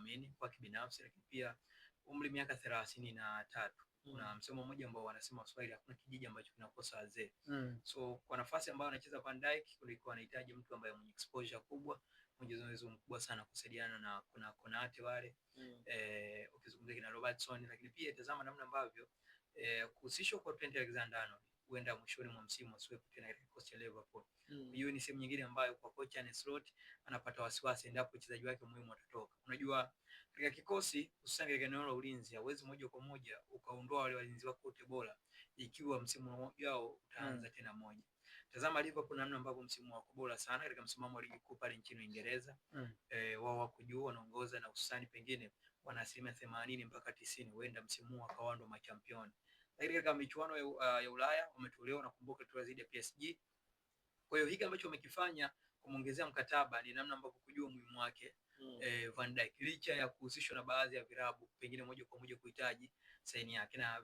kuamini kwa kibinafsi, lakini pia umri miaka thelathini na tatu mm. na msemo mmoja ambao wanasema Waswahili, hakuna kijiji ambacho kinakosa wazee mm. so kwa nafasi ambayo anacheza Van Dijk kulikuwa anahitaji mtu ambaye mwenye exposure kubwa mwenye uwezo mkubwa sana kusaidiana na kuna Konate wale mm. eh, ukizungumzia kina Robertson, lakini pia tazama namna ambavyo eh, kuhusishwa kwa Trent Alexander-Arnold huenda mwishoni mwa msimu asiwepo na kikosi cha Liverpool. Mm. Hiyo ni sehemu nyingine ambayo kwa kocha Arne Slot anapata wasiwasi endapo wachezaji wake muhimu watatoka. Unajua katika kikosi hususan katika eneo la ulinzi hauwezi moja kwa moja ukaondoa wale walinzi wako wote bora ikiwa msimu wao utaanza mm. tena moja. Tazama Liverpool namna ambavyo msimu wako bora sana katika msimamo wa ligi kuu pale nchini Uingereza mm. eh, wao wako juu wanaongoza na hususan pengine wana asilimia themanini mpaka tisini huenda msimu huu akawa ndo machampioni lakini katika michuano ya, uh, ya Ulaya wametolewa na kumbuka tu zaidi ya PSG. Kwa hiyo hiki ambacho wamekifanya kumongezea mkataba ni namna ambavyo kujua umuhimu wake mm. Eh, Van Dijk licha ya kuhusishwa na baadhi ya virabu pengine moja kwa moja kuhitaji saini yake na